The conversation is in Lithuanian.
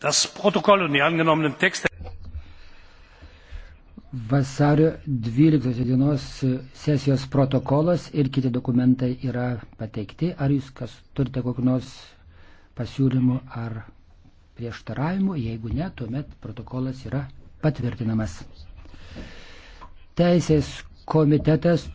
Das Protokoll und die angenommenen Texte. Vasario 12 dienos sesijos protokolas ir kiti dokumentai yra pateikti. Ar jūs kas turite kokiu nors pasiūlymu ar prieštaravimu? Jeigu ne, tuomet protokolas yra patvirtinamas. Teisės komitetas